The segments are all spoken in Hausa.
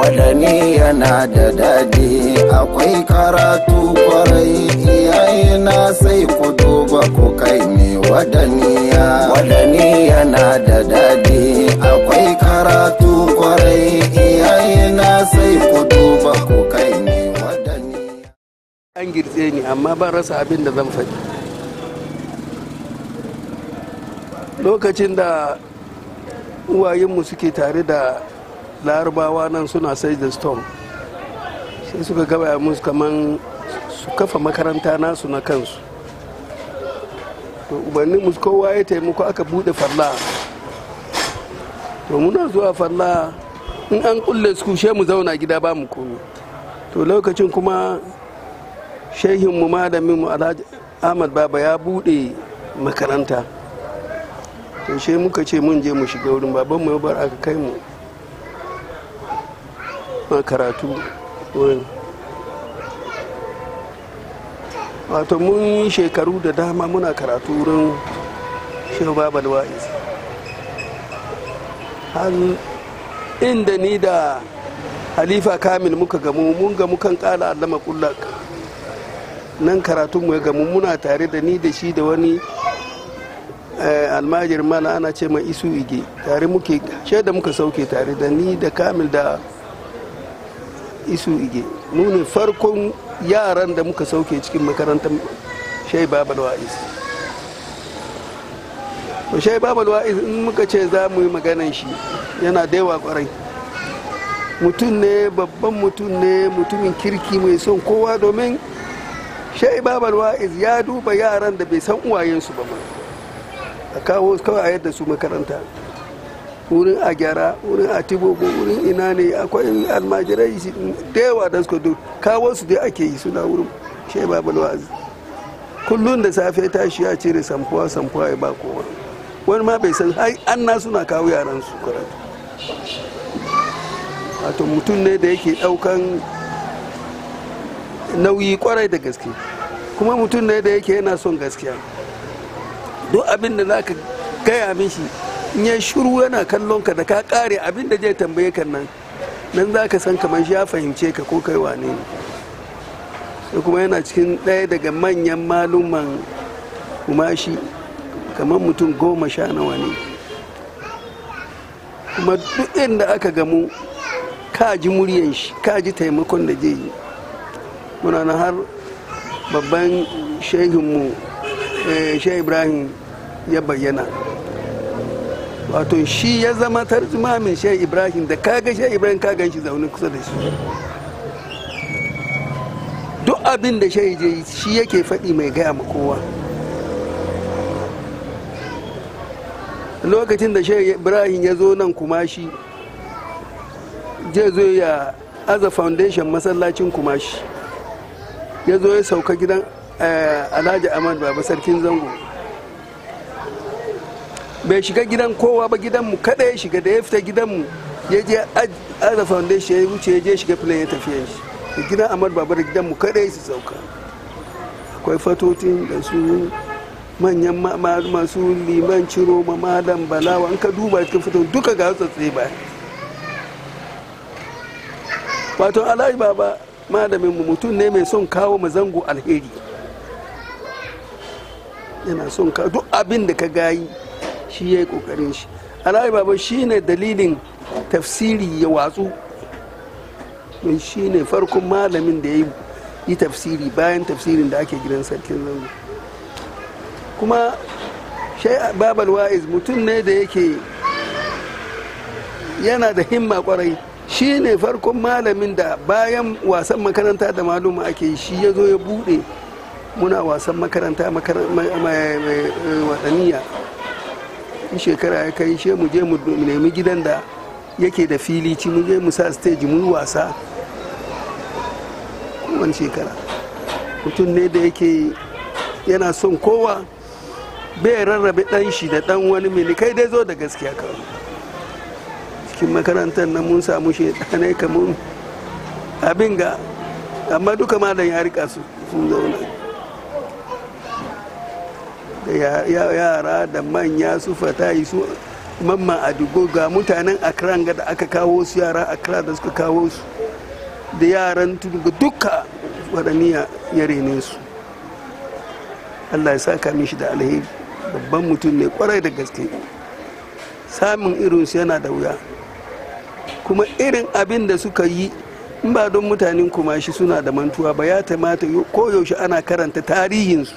Wadani yana da daɗi akwai karatu kwarai iyayena sai ku duba ku kai ne wadaniya. Wadani yana da daɗi akwai karatu kwarai iyayena sai ku duba ku kai ne wadaniya. An girtse ni amma ban rasa abin da zan faɗi. lokacin da uwayenmu suke tare da larabawa nan suna sai da storm sai suka gaba musu kaman su kafa makaranta nasu na kansu to ubannin musu kowa ya taimako aka bude falla. to muna zuwa falla in an kulle su kushe mu zauna gida ba mu komi to lokacin kuma shehinmu ma malamin mu alhaji ahmad baba ya bude makaranta to shi muka ce mun je mu shiga wurin baban mu bar aka kai mu ma karatu wurin wato mun yi shekaru da dama muna karatu wurin shehu babal wa'iz har inda ni da halifa kamil muka gamu mun gamu kan kala allama kullak nan karatunmu ya gamu muna tare da ni da shi da wani Eh, almajir mana ana ce mai isu ige tare muke da muka sauke tare da ni da kamil da isu ige mu ne farkon yaran da muka sauke cikin makarantar shai babal wa'iz shai babal wa'iz in muka ce za mu yi maganan shi yana da yawa kwarai mutum ne babban mutum ne mutumin kirki mai son kowa domin shai babal wa'iz ya duba yaran da bai san uwayensu ba ma a kawo kawai a yadda su makaranta wurin a gyara wurin a tibobo wurin ina ne akwai almajirai da yawa da suka kawo su dai ake yi suna wurin shai babu wa'azi kullum da safe tashi ya cire samfowa samfowa ya ba kowa wani ma bai san ai an na suna kawo yaran su karatu wato mutum ne da yake daukan nauyi kwarai da gaske kuma mutum ne da yake yana son gaskiya duk abin da zaka gaya mishi in ya shiru yana kallon ka da ka kare abin da zai tambaye kan nan nan za ka san kamar shi ya fahimce ka ko kai wane ne sai kuma yana cikin ɗaya daga manyan maluman kumashi kamar mutum goma sha nawa ne kuma duk inda aka gamu ka ji muryan shi ka ji taimakon da zai yi muna na har babban shehinmu eh, shehu ibrahim ya bayyana wato shi ya zama tarjumamin shai ibrahim da kaga shai ibrahim ka gan shi zaune kusa da shi duk abin da ya je shi yake faɗi mai gaya ma kowa lokacin da shai ibrahim ya zo nan kumashi zai zo ya aza foundation masallacin kumashi ya zo ya sauka gidan eh, alhaji ahmad baba sarkin zango bai shiga gidan kowa ba gidanmu kada ya shiga da ya fita gidanmu ya je arza foundation ya wuce ya je shiga filin ya tafi shi gidan amar baba da gidanmu kada ya su sauka akwai fatotin da su manyan masu liman ciro ma malam balawa an ka duba cikin fito duka ga tsatsi ba wato alhaji baba malamin mu mutum ne mai son kawo mazango alheri yana son kawo duk abin da ka gayi shi ya yi kokarin shi alhaji baba shi ne dalilin tafsiri ya watsu min shi ne farkon malamin da ya yi tafsiri bayan tafsirin da ake gidan sarkin zango kuma shai babal wa'iz mutum ne da yake yana da himma kwarai shi ne farkon malamin da bayan wasan makaranta da maluma ake shi ya zo ya bude muna wasan makaranta eh, waɗaniya in shekara ya kai she mu je mu nemi gidan da yake da fili ci mu je mu sa stage mu wasa kowane shekara mutum ne da yake yana son kowa bai rarrabe dan shi da dan wani mini kai dai zo da gaskiya kawai cikin makarantar nan mun samu shedanai kamun abin ga amma duka malam ya rika su sun zauna yara da manya su yi su a adigo ga mutanen akran da aka kawo su yara akra da suka kawo su da yaran tudu duka waɗanniya ya rene su allah ya saka mishi da alheri babban mutum ne kwarai da gaske samun su yana da wuya kuma irin abin da suka yi in ba don mutanen kumashi suna da mantuwa ba ya ko koyaushe ana karanta tarihinsu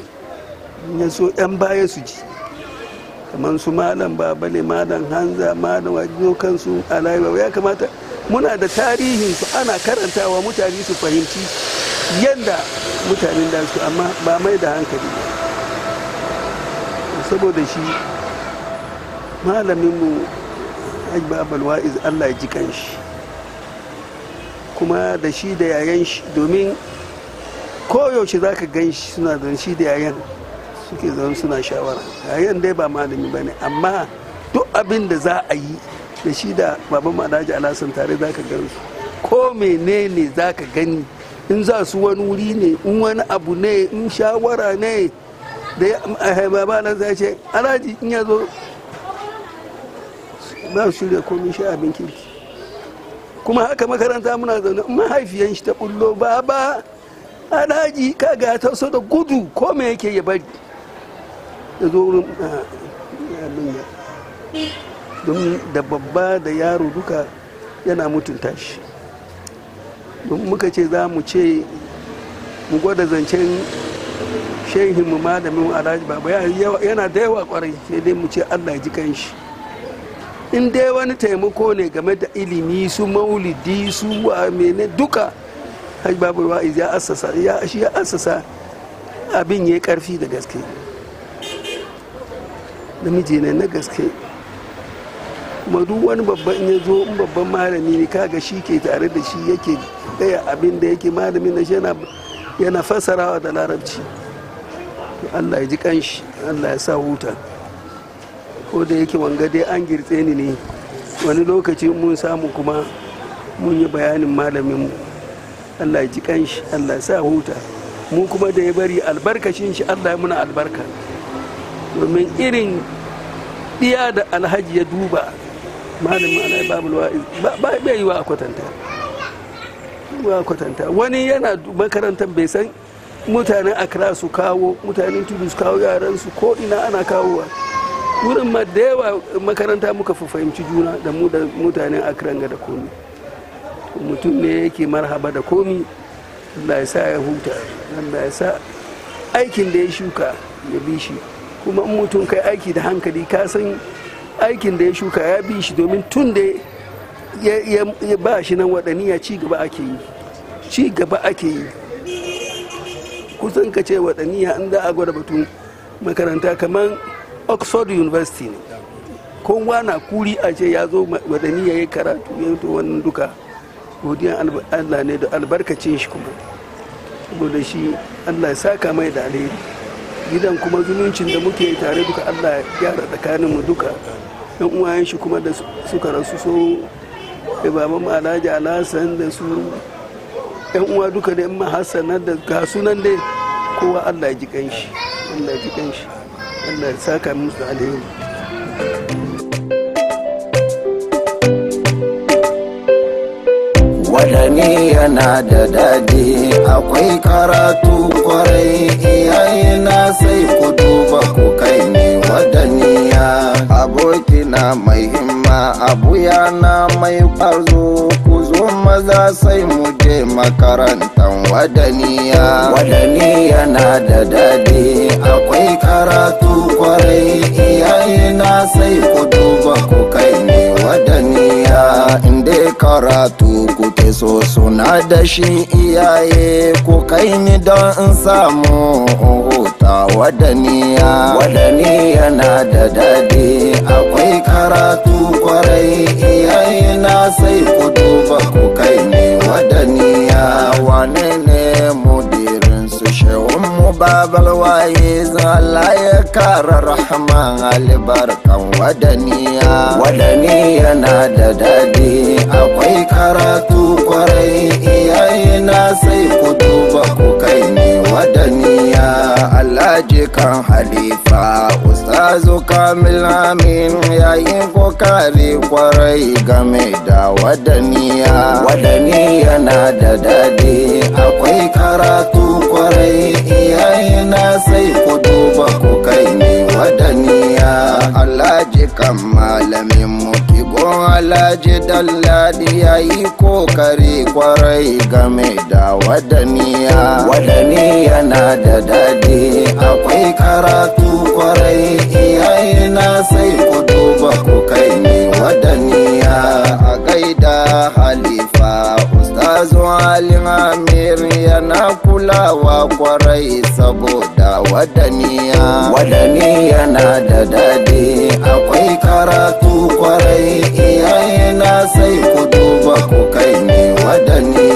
ya so 'yan baya su ji kamar su malam ne malam hanza malam wajen kansu alayi ya kamata muna da tarihin su ana karantawa mutane su fahimci yadda mutanen da su amma ba mai da hankali saboda shi malaminmu hajji abalwa'iz allah ya ji kanshi kuma da shi da yayan shi domin koyaushe za ka gan shi suna da shi da yayan. suke zaune suna shawara yayin dai ba malami ba ne amma duk abin da za a yi da shi da baban malaji alasan tare za ka gan su ko menene za ka gani in za su wani wuri ne in wani abu ne in shawara ne da ya baba na za ce alaji in ya zo ba su shirya komai sha abin kirki kuma haka makaranta muna zaune in mahaifiyan shi ta bullo baba ka kaga ta so da gudu ko me yake ya bari ya zo wurin ah, da babba da yaro duka yana mutunta shi don muka ce za mu ce mu gwada zancen shehin mu malamin alhaji baba yana da yawa kwarai sai dai mu ce allah ji kan shi in dai wani taimako ne game da ilimi su maulidi su wa mene duka hajji babu wa'iz ya assasa abin ya yi karfi da gaske namiji ne na gaske kuma duk wani babban ya zo in babban malami ne kaga shi ke tare da shi yake gaya abin da yake malami na shi yana fasarawa da larabci allah ya ji kanshi allah ya sa huta ko da yake wanga dai an girtse ni ne wani lokaci mun samu kuma mun yi bayanin malaminmu allah ya ji kanshi allah ya sa huta mu kuma da ya bari albarkashin shi allah ya muna albarka domin irin ɗiya da alhaji ya duba malamin alhaji babu wa'iz ba yi wa a kwatanta wa kwatanta wani yana makarantar bai san mutanen akra su kawo mutanen tudu su kawo yaran su ko ina ana kawowa wurin ma da yawa makaranta muka fi fahimci juna da mu da mutanen akra ga da komi mutum ne yake marhaba da komi Allah ya sa ya huta Allah ya sa aikin da ya shuka ya bi shi kuma in mutum kai aiki da hankali ka san aikin da ya shuka ya bi shi domin tun da ya ba shi nan ya ci gaba ake yi ci gaba ake yi kusan ka ce waɗaniya in da a gwada batun makaranta kamar oxford university ne kowa na kuri a ce ya zo waɗani ya yi karatu ya to wannan duka godiyan allah ne da albarkacin shi kuma saboda shi allah ya saka mai da alheri gidan kuma zumuncin da muke tare duka allah ya tsakanin mu duka yan uwayen shi kuma da suka rasu so da baban alhaji alhassan da su yan uwa duka da yan mahassana da sunan dai kowa allah ji kanshi allah ji kanshi allah ya saka musu alheri dani yana da daɗi akwai karatu kwarai na sai ku duba ku kai ni wadaniya na mai himma abu yana mai ƙwazo ku zo maza sai mu je makarantan wadaniya wadani yana da daɗi akwai karatu kwarai na sai ku duba ku kai ni wadaniya de karatu ku ta so suna da shi iyaye ku kai ni don in samu huta wadaniya wadani na da daɗi akwai karatu kwarai iyaye na sai ku duba ku kai ni wadaniya wane ne mudirin su shehun mu babal waye zala ya kara rahman albarkan wadaniya wadani na da daɗi karatu kwarai iyaye na sai ku duba ku kai ni wadaniya alhaji kan halifa ustazu kamil amin ko kokari kwarai game da wadaniya wadaniya na da dadi akwai karatu kwarai iyaye na sai ku duba ku kai ni wadaniya alhaji kan malamin mu alhaji dalladi ya yi kokari kwarai game da wadaniya wadani yana da daɗi akwai karatu kwarai iyaye na sai ku duba ku kai ne wadaniya a gaida halifa ustazu alima na kulawa kwarai saboda wadaniya wadaniya na da dadi akwai karatu kwarai iyaye na sai ku duba ku kai ne wadaniya